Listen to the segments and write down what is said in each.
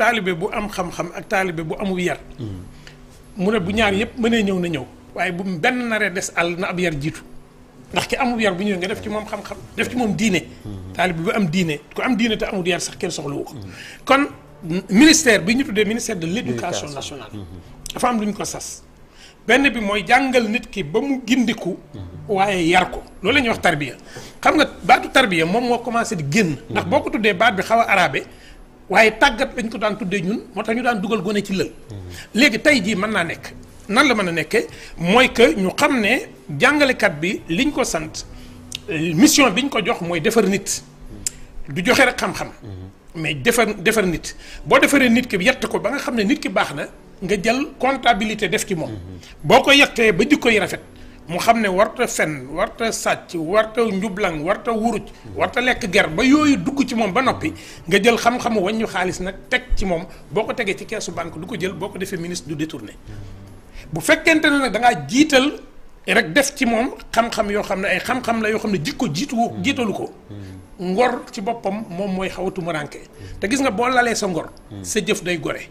taalibe bu am xam-xam ak taalibe bu amul yar. mu ne bu ñaar yëpp mënee ñëw na ñëw waaye bu benn naree des àll na ab yar jiitu ndax ki amul yar bu ñëwee nga def ci moom xam-xam def ci moom diine. taalibe bu am diine ku am diine te amul yar sax kenn soxlawu ko. kon ministère bi ñu tuddee ministère de l' éducation nationale. dafa am lu ñu ko sas. benn bi mooy jàngal nit ki ba mu gindiku. waaye yar ko loolu la ñuy wax tarbiya. xam nga baatu tarbiya moom moo commencé di génn. ndax boo ko tuddee baat bi xaw a arabe. waaye tàggat lañ ko daan tuddee ñun moo tax ñu daan dugal gone ci lël léegi tey jii mën naa nekk nan la mën a nekke mooy que ñu xam ne jàngalekat bi liñ ko sant mission biñ ko jox mooy defar nit du joxe rek xam-xam mais defar defar nit boo defaree nit ki yett ko ba nga xam ne nit ki baax na nga jël comptabilité def ci moom boo ko yettee ba jikko yi rafet mu xam ne warta fen warta sàcc warta njublang warta wuruj warta lekk ger ba yooyu dugg ci moom ba noppi nga jël xam-xamu wàññu xaalis nag teg ci moom boo ko tegee ci keesu banque du ko jël boo ko defee ministre du détourné bu fekkente ne nag da ngaa jiital rek def ci moom xam-xam yoo xam ne ay xam-xam la yoo xam ne jikko jiitu jiitalu ko ngor ci boppam moom mooy xaw a te gis nga boo lalee sa ngor sa jëf day gore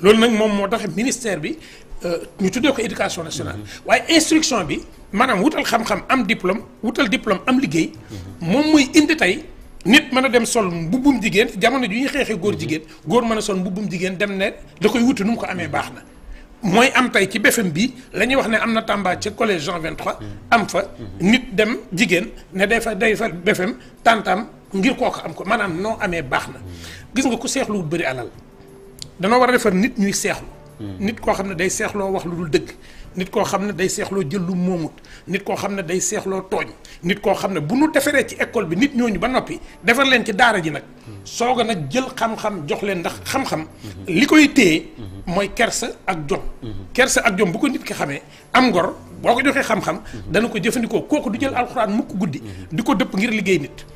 loolu nag moom moo tax ministère bi Euh, ñu tuddee ko éducation nationale. Mm-hmm. waaye instruction bi maanaam wutal xam-xam am diplôme wutal diplôme am liggéey. Mm-hmm. moom mooy indi tey nit mën a dem sol mbubbum jigéen jamono ju ñu xeexee góor mm-hmm. jigéen góor mën a sol mbubbum jigéen dem ne da koy wuti nu mu ko amee baax na. mooy am tey ci BFM bi la ñuy wax ne am na Tamba ci collège Jean 23. am fa nit dem jigéen ne day fa day fa BFM tàntam ngir kook am ko maanaam noo amee baax na. gis nga ku seexlu bëri alal danoo war a defar nit ñuy seexlu. nit koo xam ne day seexloo wax lu dul dëgg nit koo xam ne day seexloo jël lu moomut nit koo xam ne day seexloo tooñ nit koo xam ne bu nu defaree ci école bi nit ñooñu ba noppi defar leen ci daara ji nag soog a nag jël xam-xam jox leen ndax xam-xam li koy téye mooy kersa ak jom kersa ak jom bu ko nit ki xamee am ngor boo ko joxee xam-xam dana ko jëfandikoo kooku du jël alxuraan mukk guddi di ko dëpp ngir liggéey nit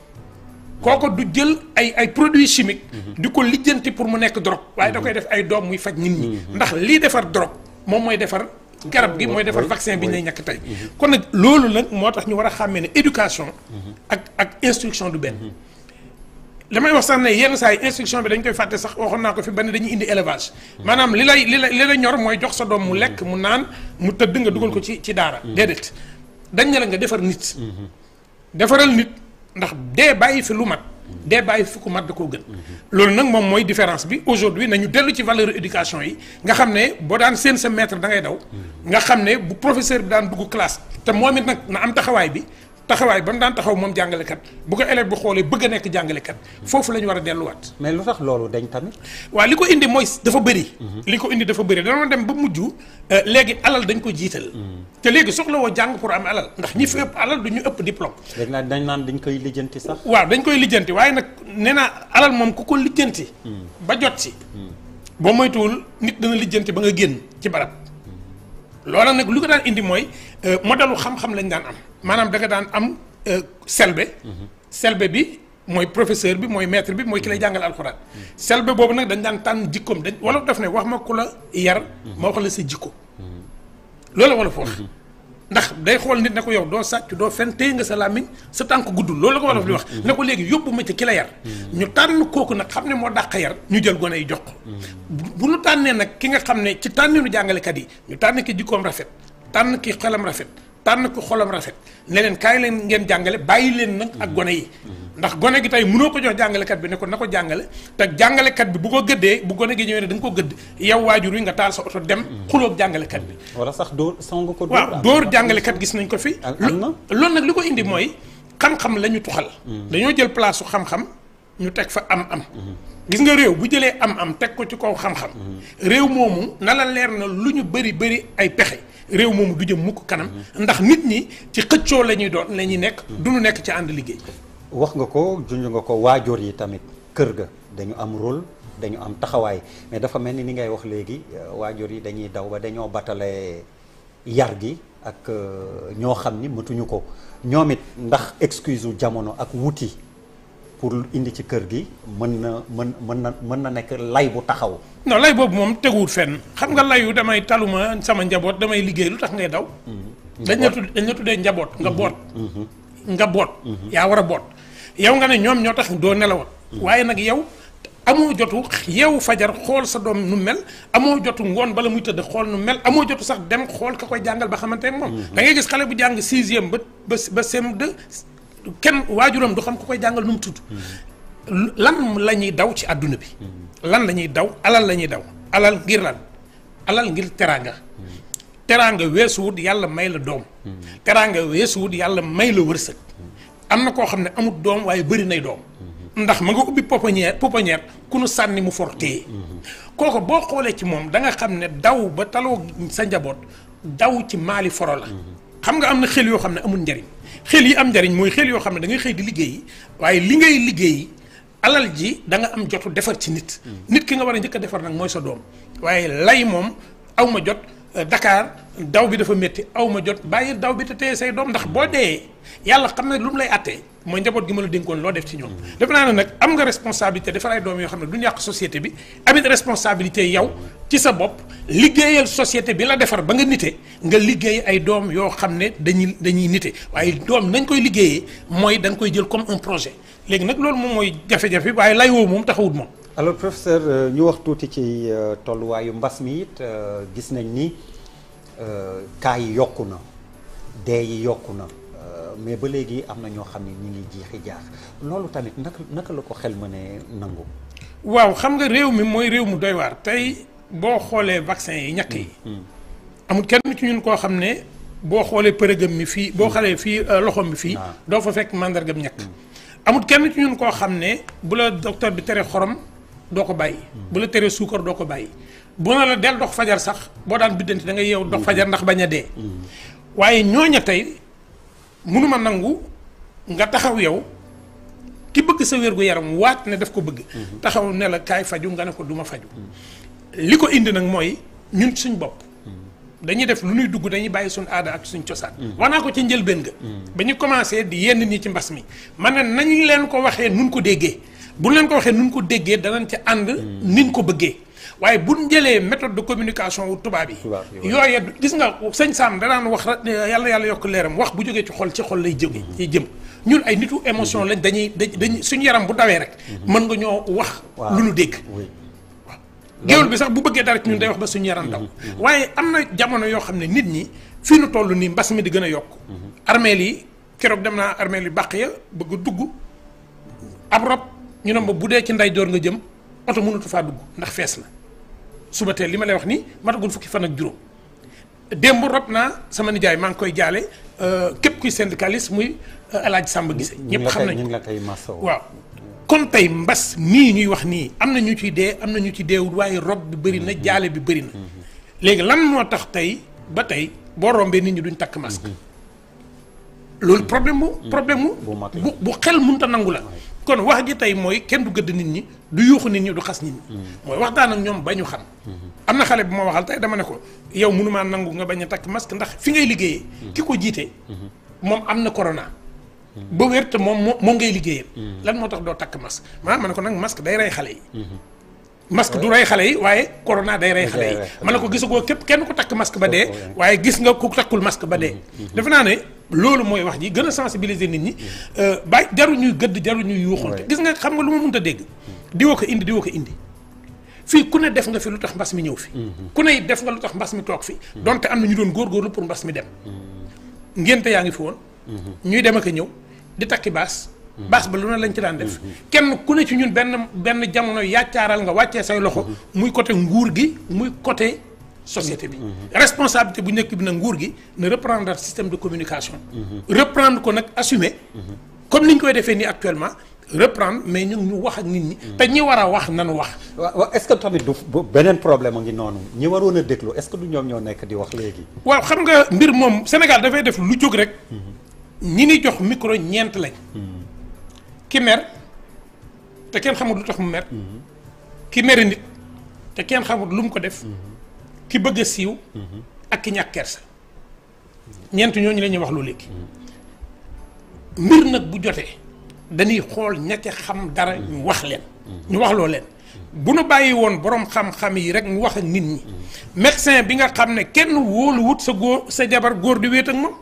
kooko du jël ay ay produits chimiques. Mhm. di ko lijjanti pour mu nekk drogue. waaye da mhm. koy def ay doom muy faj nit ñi. Mhm. ndax lii defar drogue moom mooy defar. garab gi mooy defar vaccin bi ñuy ñàkk tey. kon nag loolu nag moo tax ñu war a xàmmee ne éducation. ak ak instruction du benn. damay wax sax ne yenn saa yi instruction bi dañ koy fàtte sax waxoon naa ko fi ba ne dañuy indi élevage. maanaam li lay li la ñor mooy jox sa doom mu lekk mu naan mu tëdd nga dugal ko ci ci daara. déedéet dañ la nga defar nit. defaral nit. ndax dee bàyyi fi lu mat dee bàyyi fi ku mat da koo gën loolu nag moom mooy différence bi aujourd'hui nañu dellu ci valeur éducation yi nga xam ne boo daan seen sa maître da ngay daw nga xam ne bu professeur bi daan dugg classe te moom it nag na am taxawaay bi taxawaay ba mu daan taxaw moom jàngalekat bu ko élève bu xoolee bëgg a nekk jàngalekat foofu la war a delluwaat. mais lu tax loolu dañ tamit. waa li ko indi mooy dafa bëri. Mhm. li ko indi dafa bëri danoo dem ba mujj euh, léegi alal dañ ko jiital. Mhm. te léegi soxlawoo jàng pour am alal ndax ñi fi mhm. ëpp alal du ñu ëpp diplôme. dañ naan dañ koy lijjanti sax. waaw dañ koy lijjanti waaye nag nee naa alal moom ku ko lijjanti. ba jot si. boo moytuwul nit dana lijjanti ba nga génn ci barab. loola nag lu ko daan indi mooy euh, modelu xam-xam lañ daan am maanaam da nga daan am euh, selbe selbe bi mooy professeur bi mooy maître bi mooy ki lay jàngal alxuraan selbe boobu nag dañ daan tànn jikkoom dañ wala def ne wax ma ku la yar ma wax la sa jikko loolu wala fa wax ndax day xool nit ne ko yow doo sàcc doo fen téye nga sa làmmiñ sa tànk gudd loolu la ko wolof di wax mm-hmm. ne ko léegi yóbbu ma ci ki la yar mm-hmm. ñu tànn kooku nag xam ne moo dàq yar ñu jël gone yi jox ko mm-hmm. bu nu tànnee nag ki nga xam ne ci tànneenu jàngalekat yi ñu tànn ki jikkoom rafet tànn ki xelam rafet tànn ki xolam rafet ne leen kaay leen ngeen jàngale bàyyi leen nag ak gone yi ndax gone gi tey munoo ko jox jàngalekat bi ne ko na ko jàngale te jàngalekat bi bu ko gëddee bu gone gi ñëwee ne da nga ko gëdd yow waajur wi nga taal sa oto dem xulóog jàngalekat bi wala sax dóor song ko waaw dóor jàngalekat gis nañ ko fi loolu nag li ko indi mooy xam-xam la ñu tuxal mm. dañoo jël place su xam-xam ñu teg fa am-am mm-hmm. gis nga réew bu jëlee am-am teg ko ci kaw xam-xam mm-hmm. réew moomu na la leer na lu ñu bëri bëri ay pexe réew moomu du jëm mukk kanam mm-hmm. ndax nit ñi ci xëccoo la ñuy doon la ñuy nekk du ñu nekk ci ànd liggéey wax nga ko junj nga ko waajur yi tamit kër ga dañu am rôle dañu am taxawaay mais dafa mel ni ni ngay wax léegi euh, waajur yi dañuy daw ba dañoo batale yar gi ak euh, ñoo xam ni matuñu ko ñoom it ndax excuse u jamono ak wuti pour indi ci kër gi mën na mën mën na mën na nekk lay bu taxaw. non lay boobu moom teguwul fenn xam nga layu damay taluma sama njaboot damay liggéey lu tax ngay daw. Mm-hmm. dañ la tuddee dañ la tuddee njaboot nga mm-hmm. boot. Mm-hmm. nga boot. yaa war a boot. yow nga ne ñoom ñoo tax doo nelawoon. Mm. waaye nag yow amoo jotu yow fajar xool sa doom nu mel amoo jotu ngoon bala muy tëdd xool nu mel amoo jotu sax dem xool ka koy jàngal ba xamante ne moom. Mm-hmm. da ngay gis xale bu jàng sixième ba ba ba cm kenn waajuram du xam ku koy jàngal nu mu tudd. Mm-hmm. lan la ñuy daw ci àdduna bi. Mm-hmm. lan la ñuy daw alal la ñuy daw alal ngir lan alal ngir teraanga. teraanga weesuwut yàlla may la doom. teraanga weesuwut yàlla may la wërsëg. am na koo xam ne amut doom waaye bëri nay doom ndax ma nga ubbi pouponnière pouponnière ku nu sànni mu fortee kooku boo xoolee ci moom da nga xam ne daw ba taloo sa njaboot daw ci maali foro la xam nga am na xel yoo xam ne amul njariñ xel yi am njariñ mooy xel yoo xam ne dangay ngay xëy di liggéey waaye li ngay liggéey alal ji danga am jotu defar ci nit mm. nit ki nga war a njëkk a defar nag mooy sa doom waaye lay moom aw ma jot Euh, dakaar daw bi dafa métti aw ma jot bàyyi daw bi te téye say doom ndax boo dee yàlla xam ne lu mu lay attee mooy njaboot gi ma la dénkoon loo def ci ñoom. Mm. def naa ne nag am nga responsabilité defar ay doom yoo xam ne duñu yàq société bi amit responsabilité yow ci sa bopp liggéeyal société bi la defar ba nga nite nga liggéey ay doom yoo xam ne dañuy dañuy nite waaye doom nañ koy liggéeyee mooy dañ koy jël comme un projet léegi nag loolu moom mooy jafe-jafe waaye layoo moom taxawut moom. alors professeur euh, ñu wax tuuti ci euh, tolluwaayu mbas mi it euh, gis nañ ni kaa yi yokku na dee yi yokku na mais ba léegi am na ñoo xam ne ñu ngi jiixi jaax loolu tamit naka naka ko xel ma ne nangu. waaw xam nga réew mi mooy réew mu doy waar tey boo xoolee vaccin yi ñàkk yi. Mm, mm. amul kenn ci ñun koo xam ne boo xoolee përëgëm mi fii boo mm. xalee fii loxoom bi fii. Ah. doo fa fekk màndargam ñàkk. amul kenn ci koo xam ne bu la docteur bi tere xorom. doo ko bàyyi. Mm. bu la teree suukar doo ko bàyyi. bu na la del dox fajar sax boo daan biddanti da ngay yeew dox mm-hmm. fajar ndax bañ a dee. Mm-hmm. waaye ñooña tey mënuma nangu nga taxaw yow ki bëgg sa wér gu yaram waat ne def ko bëgg. Mm-hmm. taxaw ne la kaay faju nga ne ko duma faju li ko indi nag mooy ñun suñ bopp. dañuy def lu ñuy dugg dañuy bàyyi suñ aada ak suñ cosaan. wax naa ko ci njëlbéen ga ba ñu commencé di yenn nii ci mbas mi. man na nañ leen ko waxee nun ko déggee. bu leen ko waxee nu ko déggee danañ ci ànd. niñ ko bëggee. waaye bu ñu jëlee méthode de communication wu tubaab yi. yooye gis nga sëñ Sam danaan wax yàlla yàlla yokk leeram wax bu jógee ci xol ci xol lay jëm. lay mhm. jëm ñun ay nitu émotion mhm. lañ dañuy dañuy suñu yaram bu dawee rek. Mhm. mën nga ñoo wax. lu ñu dégg. géwél bi sax bu bëggee dara ci ñun day wax ba suñu yaram daw. waaye am na jamono yoo xam ne nit ñi fii nu toll nii mbas mi di gën a yokk. armeel yi keroog dem naa armeel yi bàq ya bëgg dugg ab ñu ne ma bu dee ci ndeyjoor nga jëm oto mënatu faa dugg ndax fees na suba teel li ma lay wax nii matagul fukki fan ak juróom démb rob naa sama nijaay maa ngi koy jaale euh, képp kuy syndicaliste muy euh, El Hadj Samba Guissé. ñëpp xam nañu waaw. kon tey mbas mii ñuy wax nii am na ñu ciy dee am na ñu ci deewul waaye rob bi bëri na mhm. jaale bi bëri na. Mhm. léegi lan moo tax tey ba tey boo rombee nit ñi duñ takk masque. Mhm. loolu problème bu problème mu bu bu xel mënut a nangu la. kon wax ji tey mooy kenn du gëdd nit ñi du yuuxu nit ñi du xas nit ñi mm-hmm. mooy waxtaan ak ñoom ba ñu xam mm-hmm. am na xale bu ma waxal tey dama ne ko yow mënumaa nangu nga bañ a takk masque ndax fi ngay liggéeyee mm-hmm. ki ko jiitee moom am na corona ba wér te moom moom ngay liggéeyal lan moo tax doo takk masque maanaam ma ne ko nag masque day rey xale yi masque du rey xale yi waaye corona day rey xale yi ma ne ko gisagoo képp kenn ko takk masque ba dee waaye gis nga ku takkul masque ba dee defe naa ne loolu mooy wax ji gën a sensibiliser nit ñi euh, bàyyi jaru ñuy gëdd jaru ñuy yuuxante gis nga xam nga lu ma mënta dégg diwoo ko indi diwoo ko indi fii ku ne def nga fi lu tax mbas mi ñëw fi mhm. ku ne def nga lu tax mbas mi toog fi mhm. donte am na ñu doon góorgóorlu pour mbas mi dem mhm. ngénte yaa ngi fi woon ñuy dem ak ñëw di takki baas baas ba lu ne lañ ci daan def kenn ku ne ci ñun benn benn jamono yaccaaral nga wàccee say loxo muy côté nguur gi muy côté société bi. responsabilité bu nekk bi nag nguur gi na reprendre système de communication. reprendre ko nag assumer. comme ni ñu koy defee nii actuellement reprendre mais ñu ñu wax ak nit ñi. te ñi war a wax nanu wax. waaw est-ce que tamit du beneen problème a ngi noonu ñi waroon a déglu est-ce que du ñoom ñoo nekk di wax léegi. waaw xam nga mbir moom Sénégal dafay def lu jóg rek. ñi ni jox micro ñeent lañ. ki mer te kenn xamul lu tax mu mer. ki mer nit te kenn xamul lu mu ko def. ki bëgg siiw. ak ki ñàkk kersa. ñeent ñooñu la ñuy wax lu léegi. mbir nag bu jotee dañuy xool ñetti xam dara ñu wax leen. ñu wax loo leen. bu nu bàyyi woon borom xam-xam yi rek ñu wax ak nit ñi. médecin bi nga xam ne kenn wóoluwut sa góor sa jabar góor di wéet ak moom.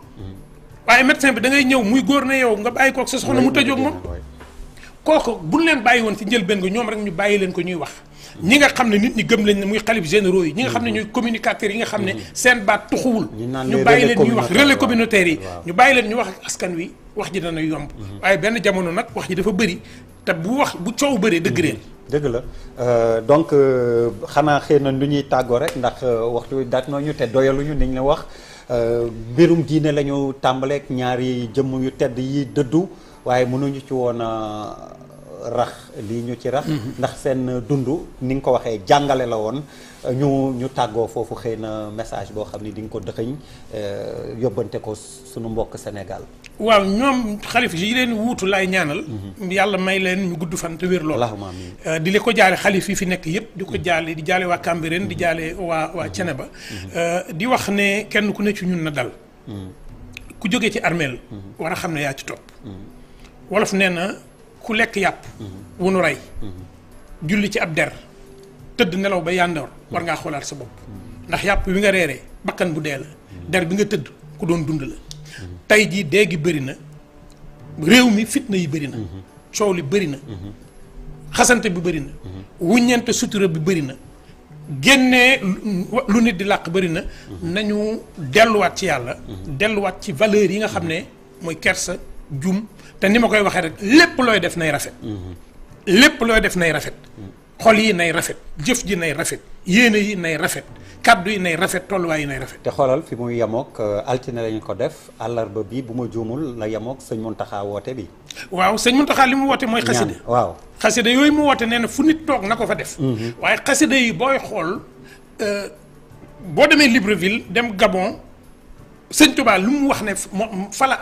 waaye médecin bi dangay ñëw muy góor na yow nga bàyyi kook sa soxna mu tëjoog moom. kooku bu ñu leen bàyyi woon ci njëlbeen nga ñoom rek ñu bàyyi leen ko ñuy wax. ñi nga xam ne nit ñi gëm lañ ne muy xalif généraux yi ñi nga xam ne ñooy communicateurs yi nga xam ne mm-hmm. seen baat tuxuwul ñu bàyyi leen ñuy wax relais communautaire yi ñu bàyyi leen ñu wax ak askan wi wax ji dana yomb mm-hmm. waaye benn jamono nag wax ji dafa bëri te bu wax bu coow bëree dëgg réel mm-hmm. dëgg la euh, donc euh, xanaa xëy na lu ñuy tàggoo rek ndax euh, waxtu daat ñu te doyaluñu niñ la wax mbirum diine la ñu tàmbaleek ñaari jëmm yu tedd yi dëddu waaye mënuñu ci woon a rax lii ñu ci rax mhm. ndax seen dund ni nga ko waxee jàngale la woon ñu ñu tàggoo foofu xëy na message boo xam ni di nga ko dëxëñ euh, yóbbante ko sunu mbokk senegal waaw ñoom xalif yi leen wuutu laay ñaanal mhm. yàlla may leen ñu gudd fan te wér lool euh, di li ko jaale xalif yi fi nekk yëpp di ko mhm. jaale di jaale waa Cambérène di jaale waa waa Ceneba euh, di wax ne kenn ku ne ci ñun na dal ku jógee ci armeel war a xam ne yaa ci topp wolof nee na ku lekk yàpp wunu rey julli ci ab der tëdd nelaw ba yàndoor war ngaa xoolaat sa bopp ndax yàpp wi nga reeree bakkan bu dee la der bi nga tëdd ku doon dund la tey jii dee gi bëri na réew mi fitna yi bëri na coow li bëri na xasante bi bëri na sutura bi bëri na génnee lu nit di làq bëri na nañu delluwaat ci yàlla delluwaat ci valeur yi nga xam ne mooy kersa jum te ni ma koy waxee rek lépp looy def nay rafet. lépp looy def nay rafet. xol yi nay rafet jëf ji nay rafet yéene yi nay rafet kàddu yi nay rafet tolluwaay yi nay rafet. te xoolal fi muy yamook euh, altine lañu ko def àllarba bi bu ma juumul la yamook sëñ Muntaxa woote bi. waaw sëñ Muntaxa li mu woote mooy. xasida waaw xasida yooyu mu woote nee na fu nit toog na ko fa def. Mhm. waaye xasida yi booy xool euh, boo demee Libreville dem Gabon. sëñ Tuubaa lu mu wax ne moom fa la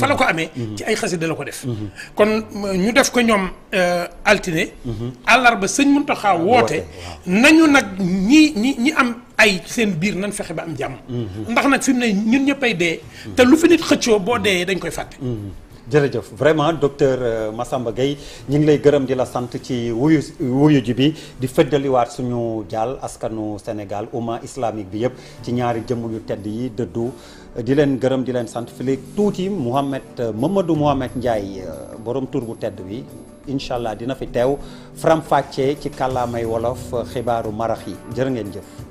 fa ko amee. Mhm. ci ay de la ko def. Mhm. kon euh, ñu def ko ñoom euh, altine. Mhm. àllarba sëñ Muntaxa woote. nañu nag ñi ñi ñi am ay seen biir nan fexe ba am jàmm. ndax nag fi mu ne ñun ñëppay dee. te lu fi nit xëccoo boo dee dañ koy fàtte. jërëjëf vraiment docteur euh, Massamba Gueye ñu ngi lay gërëm di la sant ci wuyu wuyu bi di fëddaliwaat suñu jaal askanu Sénégal umma islamique bi yëpp ci ñaari jëmm yu tedd yi dëddu di leen gërëm di leen sant fi léegi tuuti Mouhamed euh, Mamadou Mouhamed Ndiaye euh, borom tur bu tedd bi incha allah dina fi teew faram ci kàllaamay wolof xibaaru marax yi jërë ngeen jëf.